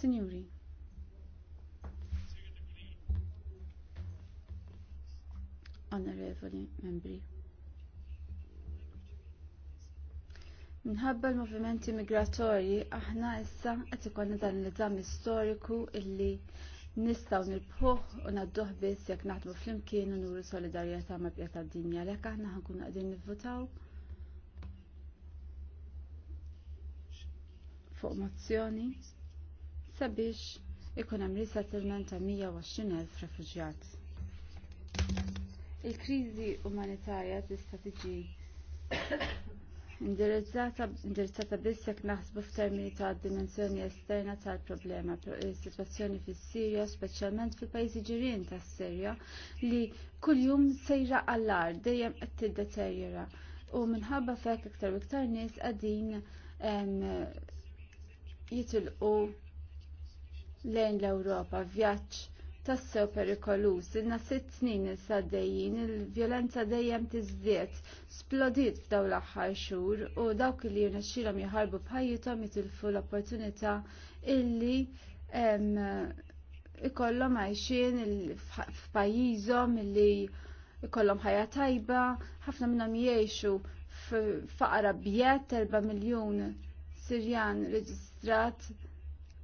Signori. Onorevoli membri. Minħabba l-movimenti migratorji, aħna issa qed ikollna dan l-eżam storiku illi nistaw nirbħuh u nadduh biss jekk naħdmu flimkien u nuru solidarjetà ma' bqiet tad-dinja għalhekk aħna ħankunu qegħdin nivvutaw fuq mozzjoni sabiex ikun hemm resettlement ta' 120,000 refuġjat. Il-kriżi umanitarja tista' tiġi indirizzata biss jekk naħsbu f'termini ta' dimensjoni esterna tal-problema, is-sitwazzjoni eh, fis-Sirja, speċjalment fil-pajjiżi ġirien tas-Sirja li kuljum sejra għall-ar dejjem qed tiddeterjora u minħabba fek iktar u iktar nies qegħdin jitilqu lejn l-Ewropa vjaġġ tassew perikolus. Inna sitt snin il-saddejjin il-vjolenza dejjem tiżdied, splodiet f'daw l-aħħar xhur u dawk li jirnexxilhom jħarbu bħajjithom jitilfu l-opportunità illi ikollhom għajxin f'pajjiżhom illi ikollhom ħajja tajba, ħafna minnhom jgħixu f'faqra bjed 4 miljun Sirjan reġistrat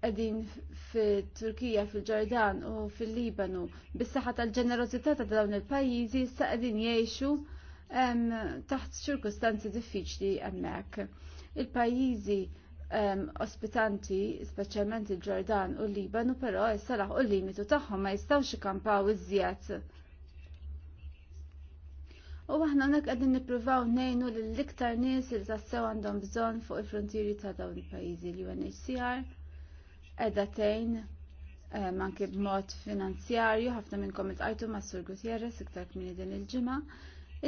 qegħdin fit-Turkija, fil-Ġordan u fil-Libanu bis-saħħa tal-ġenerosità ta' dawn il-pajjiżi sa qegħdin jgħixu taħt ċirkustanzi diffiċli hemmhekk. Il-pajjiżi ospitanti, speċjalment il-Ġordan u l-Libanu, però issa u l-limitu tagħhom ma jistgħux ikampaw iżjed U aħna nek għedin nipruvaw nejnu l-iktar nies li tassew għandhom bżon fuq il-frontieri ta' dawn il-pajizi l UNHCR edha tejn manki ehm, b'mod finanzjarju, ħafna minnkom it-għajtu ma' Sur Gutierrez iktar minn din il-ġimgħa.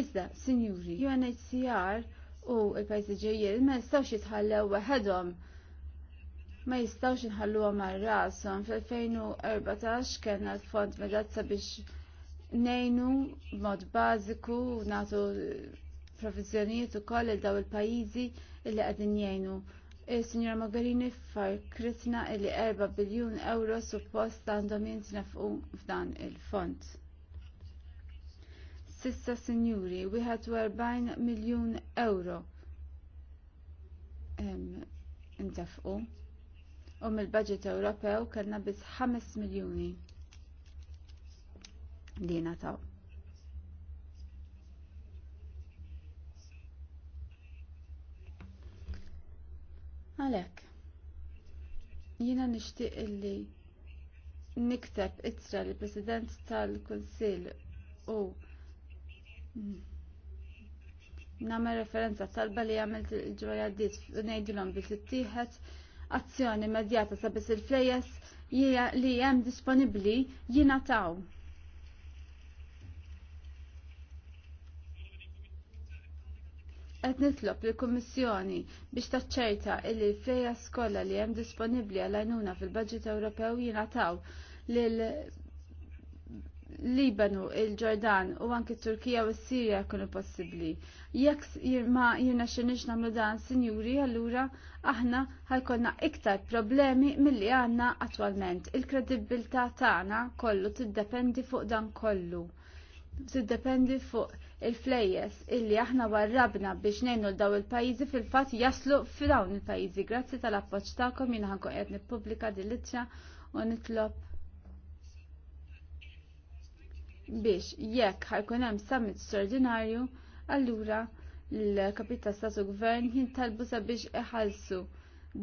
Iżda, sinjuri, UNHCR u l-pajzi ġejjel ma jistawx jitħallew waħedhom ma jistawx inħalluhom għal rashom. fil 2014 kellna l-fond medazza biex nejnu mod bażiku nagħtu provizjonijiet ukoll il daw il-pajjiżi li qegħdin jgħinu Eh, Signora Mogherini kritna li 4 biljun euro suppost għandhom jintnefqu f'dan il-fond. Sissa sinjuri, 40 miljun euro intefqu u mill-budget Ewropew kellna biss 5 miljuni li ta' Għalek, jina nishtiq illi nikteb itra li president tal-Konsil u nagħmel referenza talba li għamilt il-ġurja dit nejdilom bil tittieħed azzjoni medjata sabis il-flejes li jem disponibli jina taw. Qed nitlob lill kummissjoni biex taċċerta illi l-fejja skolla li hemm disponibbli għal għajnuna fil-Baġġit Ewropew jingħataw lil Libanu, il-Ġordan u anki Turkija u s-Sirja jkunu possibbli. Jekk ma jirna xinix namlu dan, sinjuri, allura aħna ħajkonna iktar problemi milli għandna attwalment. il kredibilta tagħna kollu tiddependi fuq dan kollu tiddependi fuq il-flejjes illi aħna warrabna biex nejnu daw il-pajizi fil-fat jaslu f'dawn il-pajizi. Grazzi tal-appoċ ta'kom jina ħanko qed nippubblika dil-litra u nitlob biex jekk ħajkun hemm summit straordinarju, allura l kapita Stasu statu gvern jintalbu sabiex iħallsu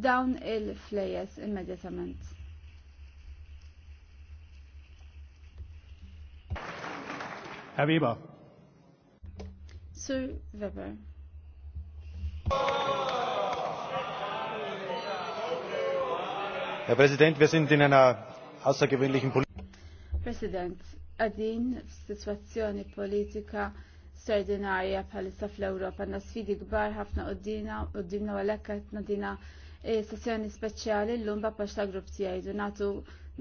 dawn il-flejes immedjatament. Habiba. Sue Weber. Herr Präsident, wir sind in einer außergewöhnlichen Politik. Präsident, għadin situazzjoni politika straordinarja bħalissa fl-Europa. Na sfidi gbar ħafna u d-dina, u d-dina u na d-dina sessjoni speċjali l lumba paċta ta' grupp tijaj. Donatu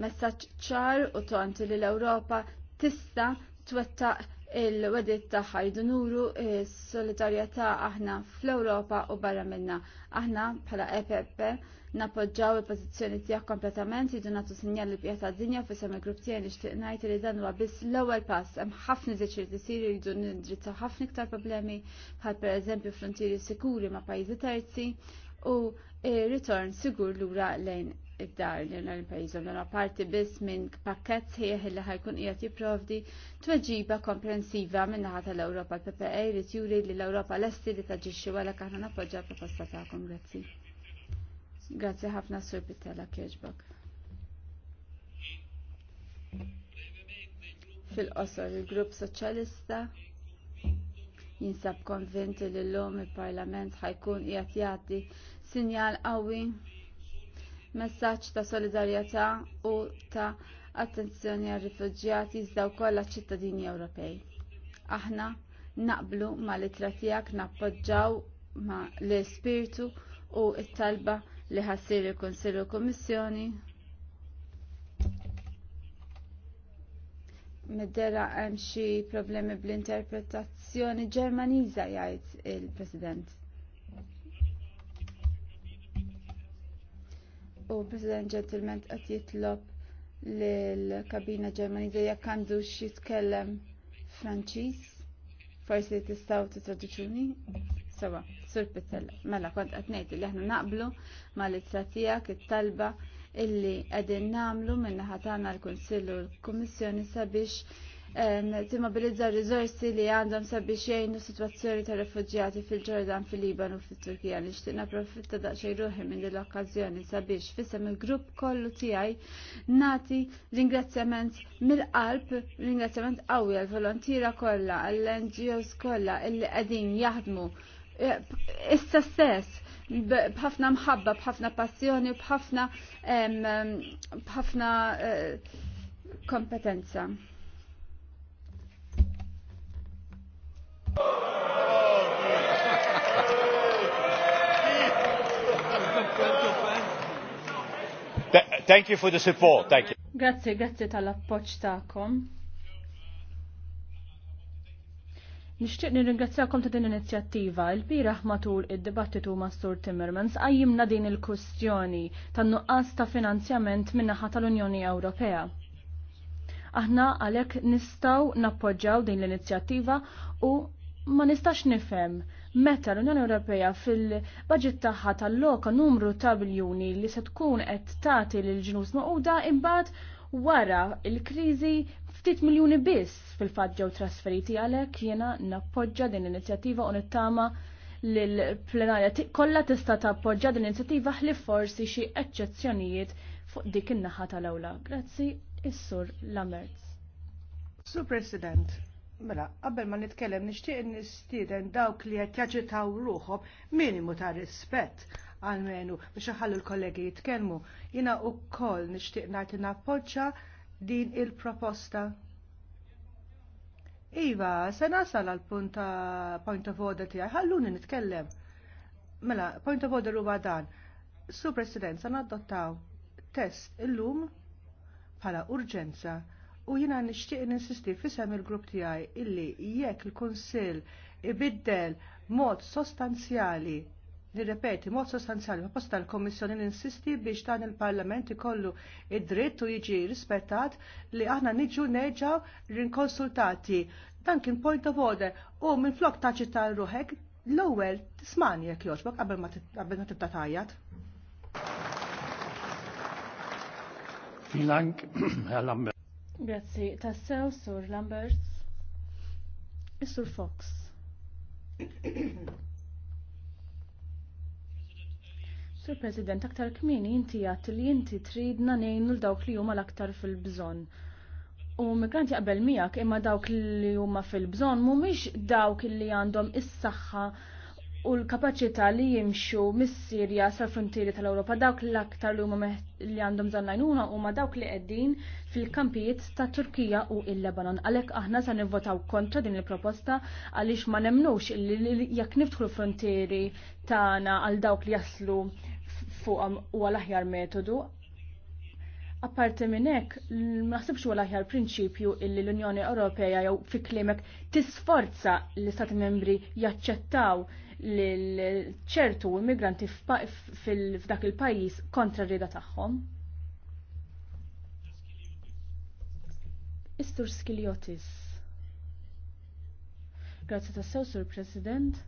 messaċ ċar u tonti li l-Europa tista twettaq il-wedit tagħha nuru s-solidarjetà aħna fl-Ewropa u barra minna. Aħna bħala EPP napoġġaw il-pożizzjoni tiegħek kompletament id nagħtu sinjal li pjata dinja fi sem il-grupp tiegħi nixtieq ngħid li dan huwa biss l-ewwel pass hemm ħafna żiċir jsiru jridu nindrizzaw ħafna iktar problemi bħal pereżempju frontieri sikuri ma' pajjiżi terzi u E, ritorn sigur lura lejn id-dar li l pajizom l parti biss minn pakket sħiħ li ħajkun qiegħed jipprovdi tweġiba komprensiva minn naħa tal-Ewropa PPA li e juri li l-Ewropa lesti li taġixxi wara aħna nappoġġja proposta tagħkom grazzi. Grazzi ħafna Sur Pittella kieġbok. Fil-qosor il-Grupp Soċjalista jinsab konvinti li l-lum il-Parlament ħajkun qiegħed jagħti sinjal qawwi messaġġ ta' solidarjetà u ta' attenzjoni għal rifuġjati iżda wkoll ċittadini Ewropej. Aħna naqblu ma' litra tiegħek nappoġġaw ma' l-ispirtu u t-talba li ħassir il-Kunsill u Kummissjoni Middera hemm xi problemi bl-interpretazzjoni Ġermaniża jgħid il-President. u President Gentleman qed jitlob lill-kabina Ġermaniża jekk għandu jitkellem Franċiż, forsi tistgħu titraduċuni. Sewa, Sur Pittella. mela kont qed ngħid li aħna naqblu mal-ittra tiegħek it-talba illi qegħdin nagħmlu min-naħa tagħna l-Kunsill u l-Kummissjoni sabiex timmobilizza r-rizorsi li għandhom sabiex jgħinu situazzjoni ta' refugjati fil-ġordan, fil-Liban u fil-Turkija. Nixtieq naprofitta daqsxejn ruħi minn din l-okkażjoni sabiex fisem il-grupp kollu tiegħi nati ringrazzjament mill-qalb, ringrazzjament qawwi għall-volontira kollha, għall-NGOs kollha illi qegħdin jaħdmu e, issa stess bħafna mħabba, bħafna passjoni, bħafna bħafna eh, kompetenza. thank you for the support. Thank you. Grazzi, grazzi tal-appoċ ta'kom. Nishtiq nirringrazzjakom ta' din l-inizjattiva. Il-biraħ matul id-dibattitu ma' Sur Timmermans għajjimna din il-kustjoni tan-nuqqas ta' finanzjament minnaħa tal-Unjoni Ewropea aħna għalek nistaw nappoġġaw din l-inizjattiva u ma nistax nifhem meta l-Unjoni Ewropea fil-budget tagħha tal-loka numru ta' biljuni li se tkun qed tagħti lil ġnus maquda imbagħad wara l-kriżi ftit miljuni biss fil-fatt ġew trasferiti għalhekk jiena nappoġġa din l-inizjattiva u nittama lill plenarja kollha tista' tappoġġa din l-inizjattiva ħli forsi xi eċċezzjonijiet fuq dik in-naħa tal-ewla. Grazzi, is-Sur Lamertz. Sur President, Mela, qabel ma nitkellem nixtieq nistieden dawk li qed jaġitaw ruħhom minimu ta' rispett għalmenu biex iħallu l-kollegi jitkellmu. Jiena wkoll nixtieq nagħti nappoġġa din il-proposta. Iva, se nasal għal punta point of order tiegħi, ħalluni nitkellem. Mela, point of order huwa dan. Su President, se nadottaw test illum bħala urġenza U jina nishtiq ninsisti fisem il-grupp tijaj illi jekk il-Konsil ibiddel mod sostanzjali nirrepeti, mod sostanzjali, ma posta l-Komissjoni ninsisti biex dan il-Parlament ikollu id-dritt u jiġi rispettat li aħna niġu neġaw rinkonsultati. Dan kien point of order u minn flok taċi tal-ruħek l-ewwel tismani jekk jogħġbok qabel ma tibda tajjat. Vielen Dank, Herr Lambert. Grazzi, tassew sur Lamberts e sur Fox. sur President, aktar kmini inti għat li inti tridna nejnu l-dawk li huma l-aktar fil-bżon. U migranti qabel miegħek imma dawk li huma fil-bżon mhumiex dawk li għandhom is-saħħa u l-kapacità li jimxu mis-Sirja sal-frontieri tal-Ewropa dawk l-aktar li huma li għandhom żonnajnuna huma dawk li qegħdin fil-kampijiet ta' Turkija u il-Lebanon. Għalhekk aħna se nivvotaw kontra din il-proposta għaliex ma nemnux li jekk niftħu l-frontieri tagħna għal dawk li jaslu fuqhom huwa l-aħjar metodu Apparti minn hekk, ma ħsibx wara aħjar prinċipju illi l-Unjoni Ewropea jew fi klimek tisforza l istati membri jaċċettaw lil ċertu immigranti f'dak il-pajjiż kontra rrieda tagħhom. Istur Skiliotis. Grazzi tassew, Sur President.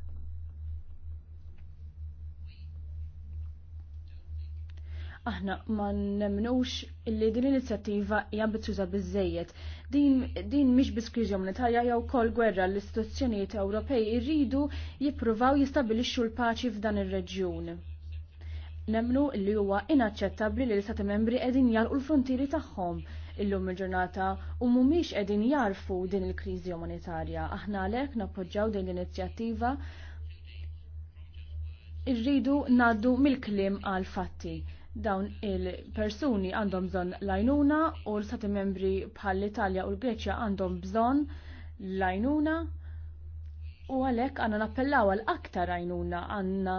aħna ma nemnux li din l-inizjattiva hija bittuża biżejjed. Din din mhix biskriżjom nitalja jew kol gwerra l-istituzzjonijiet Ewropej irridu jippruvaw jistabilixxu l-paċi f'dan ir-reġjun. Nemnu li huwa inaċċettabbli li l-istati membri qegħdin jarqu l-frontieri tagħhom illum il-ġurnata u mhumiex qegħdin jarfu din il-kriżi umanitarja. Aħna għalhekk nappoġġaw din l-inizjattiva irridu naddu mill kliem għal fatti dawn il-persuni għandhom bżonn lajnuna u l sati membri bħal l-Italja u l-Greċja għandhom bżonn lajnuna u għalhekk għandna nappellaw għal aktar għajnuna għandna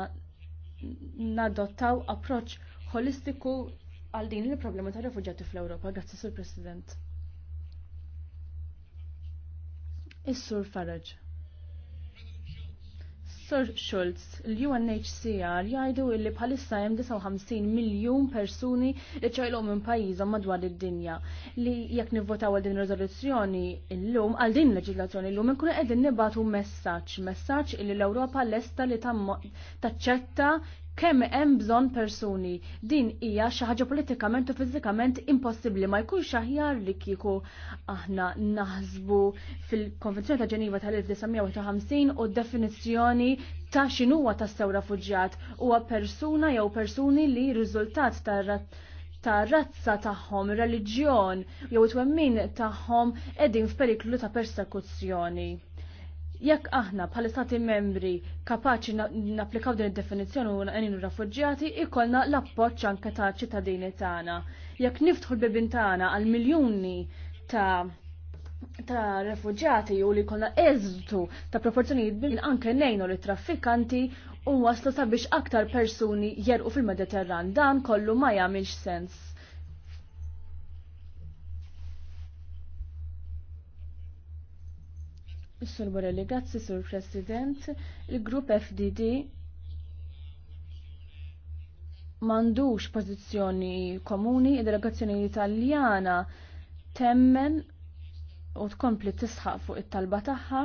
nadottaw approċċ holistiku għal din il-problema tar refuġjati fl-Ewropa. Grazzi, Sur President. Is-Sur Farage. Sir Schultz, l-UNHCR jgħidu illi bħalissa hemm 59 miljun persuni li ċajlhom minn pajjiżhom madwar id-dinja li jekk nivvotaw għal din riżoluzzjoni llum għal din leġislazzjoni llum inkunu qegħdin nibatu messaġġ, messaċ illi l-Ewropa lesta li taċċetta kemm hemm bżonn persuni. Din hija xi ħaġa politikament u fiżikament impossibbli ma jkunx aħjar li kieku aħna naħsbu fil-Konvenzjoni ta' Ġeniva tal-1951 u definizzjoni ta' x'inhuwa sew rafuġġjat huwa persuna jew persuni li riżultat ta' ta' razza tagħhom, reliġjon jew it-twemmin tagħhom qegħdin f'periklu ta' persekuzzjoni jekk aħna bħal stati membri kapaċi napplikaw din id-definizzjoni u nqenin rafuġġjati, ikolna l-appoġġ anke ta' ċittadini tagħna. Jekk niftħu l-bibin tagħna għal miljuni ta' ta' refuġjati u li kolla eżdu ta' proporzjonijiet bil anke nejnu li traffikanti u waslu sabiex aktar persuni jerqu fil-Mediterran dan kollu ma jagħmilx sens. Sur Borelli, grazzi Sur President. Il-grupp FDD mandux pozizjoni komuni, id-delegazzjoni italjana temmen u tkompli tisħaq fuq it-talba tagħha.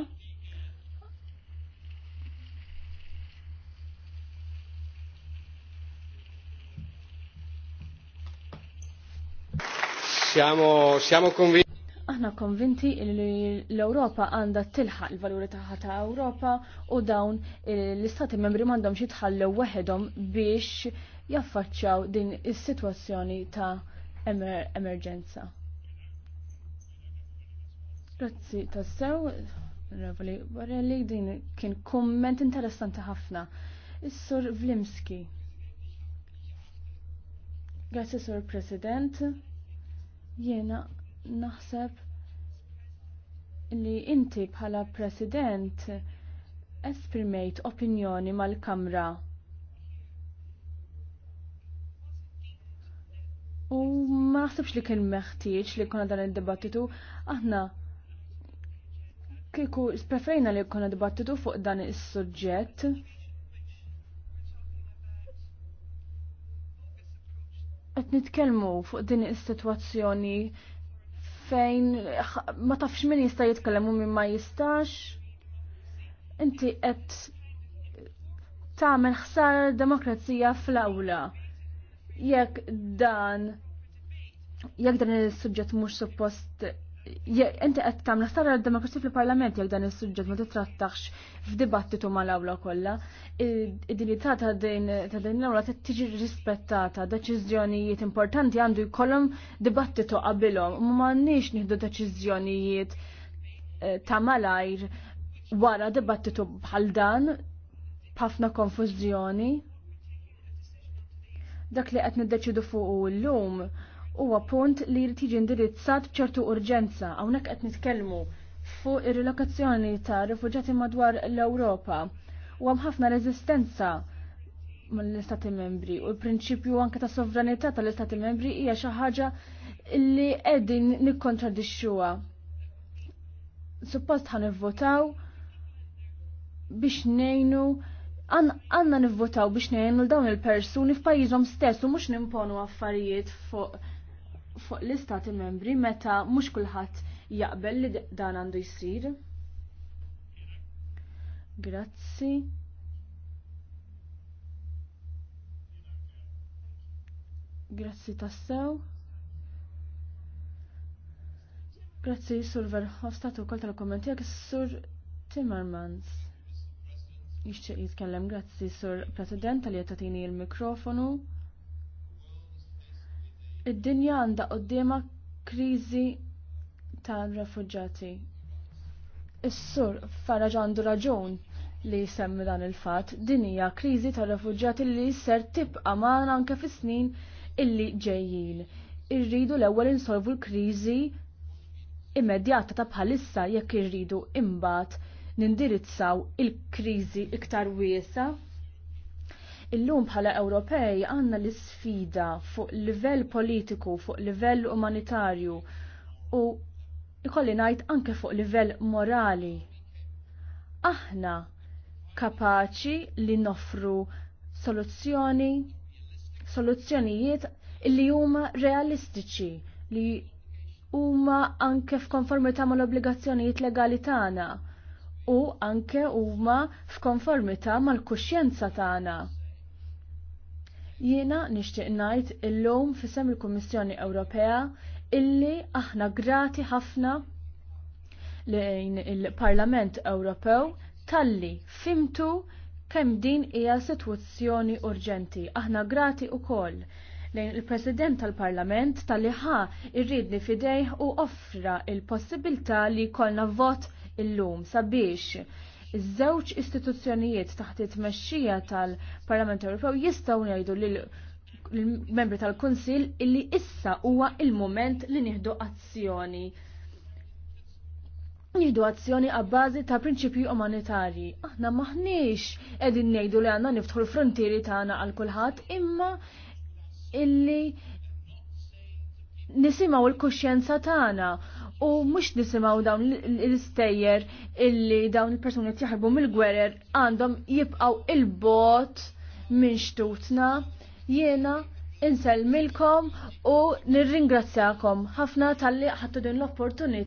Siamo, siamo convinti Aħna konvinti li l-Ewropa għandha tilħaq il-valuri tagħha ta' Ewropa u dawn l-istati membri m'għandhomx jitħallew waħedhom biex jaffaċċjaw din is-sitwazzjoni ta' emer emerġenza. Grazzi tassew, Revoli Borelli, din kien komment interessanti ħafna. Is-Sur Vlimski. Grazzi Sur President. Jena naħseb li inti bħala president esprimejt opinjoni mal-Kamra U ma naħsibx li kien meħtieġ li kuna dan id-dibattitu, aħna kieku preferina li kuna dibattitu fuq dan is-suġġett. Qed nitkellmu fuq din is-sitwazzjoni fejn ma tafx min jista' jitkellem u min ma jistax. Inti qed tagħmel ħsara demokrazija fl-awla. Jekk dan jekk dan is-suġġett mhux suppost Inti qed tagħmel ħsara l-demokrazija fil-Parlament jekk dan is-suġġett ma titrattax f'dibattitu mal-awla kollha. Id-dinjità ta' din l-awla tiġi rispettata, deċiżjonijiet importanti għandu jkollhom dibattitu qabilhom, u m'għandniex nieħdu deċiżjonijiet eh, ta' malajr wara dibattitu bħal dan b'ħafna konfużjoni. Dak li qed niddeċidu fuq llum huwa punt li jrid jiġi indirizzat b'ċertu urġenza hawnhekk qed nitkellmu fuq ir-relokazzjoni ta' rifuġjati madwar l-Ewropa u hemm ħafna reżistenza mill-Istati Membri u l-prinċipju anke ta' sovranità tal-Istati Membri hija xi ħaġa li qegħdin nikkontradixxuha. Suppost ħan nivvotaw biex ngħinu għandna nivvotaw biex ngħinu l dawn il-persuni f'pajjiżhom stess u mhux nimponu affarijiet fuq fuq l-istati membri meta mhux kulħadd jaqbel li dan għandu jsir. Grazzi. Grazzi tassew. Grazzi sur Verħostatu u kol tal-kommenti għak sur Timmermans. Ixċe jitkellem, grazzi sur President tal-jettatini il-mikrofonu. Id-dinja għandha qudiema kriżi tar refuġġati Is-sur Farage għandu raġun li semmi dan il-fatt, din hija kriżi tar refuġġati li ser tibqa' magħna anke fis-snin illi ġejjin. Irridu l-ewwel insolvu l-kriżi immedjata ta' bħalissa jekk irridu imbagħad nindirizzaw il-kriżi iktar wiesa' Illum bħala Ewropej għanna l-sfida fuq livell politiku, fuq livell umanitarju u ikolli najt anke fuq livell morali. Aħna kapaċi li noffru soluzzjoni, soluzzjonijiet illi huma realistiċi li huma anke f'konformità mal obbligazzjonijiet legali tagħna u anke huma f'konformità mal-kuxjenza tagħna. Jiena nixtieq ngħid illum fisem il-Kummissjoni Ewropea illi aħna grati ħafna lejn il-Parlament Ewropew talli fimtu kemm din hija sitwazzjoni urġenti. Aħna grati wkoll lejn il-President tal-Parlament talli ħa irridni fidejh u offra il-possibilità li jkollna vot illum sabiex Iż-żewġ istituzzjonijiet taħt it-tmexxija tal-Parlament Ewropew jistgħu jgħidu lil membri tal kunsill illi issa huwa il-moment li nieħdu azzjoni. Nieħdu azzjoni għabbażi ta' prinċipji umanitarji. Aħna maħniex qegħdin ngħidu li għandna niftħu l-frontieri tagħna għal kulħadd imma illi nisimgħu l-kuxjenza tagħna u mux nisimaw dawn l-istejjer illi dawn il-personi tiħarbu mill-gwerer għandhom jibqaw il-bot minn xtutna jena inselmilkom u nirringrazzjakom ħafna tal-li ħattu din l-opportunità.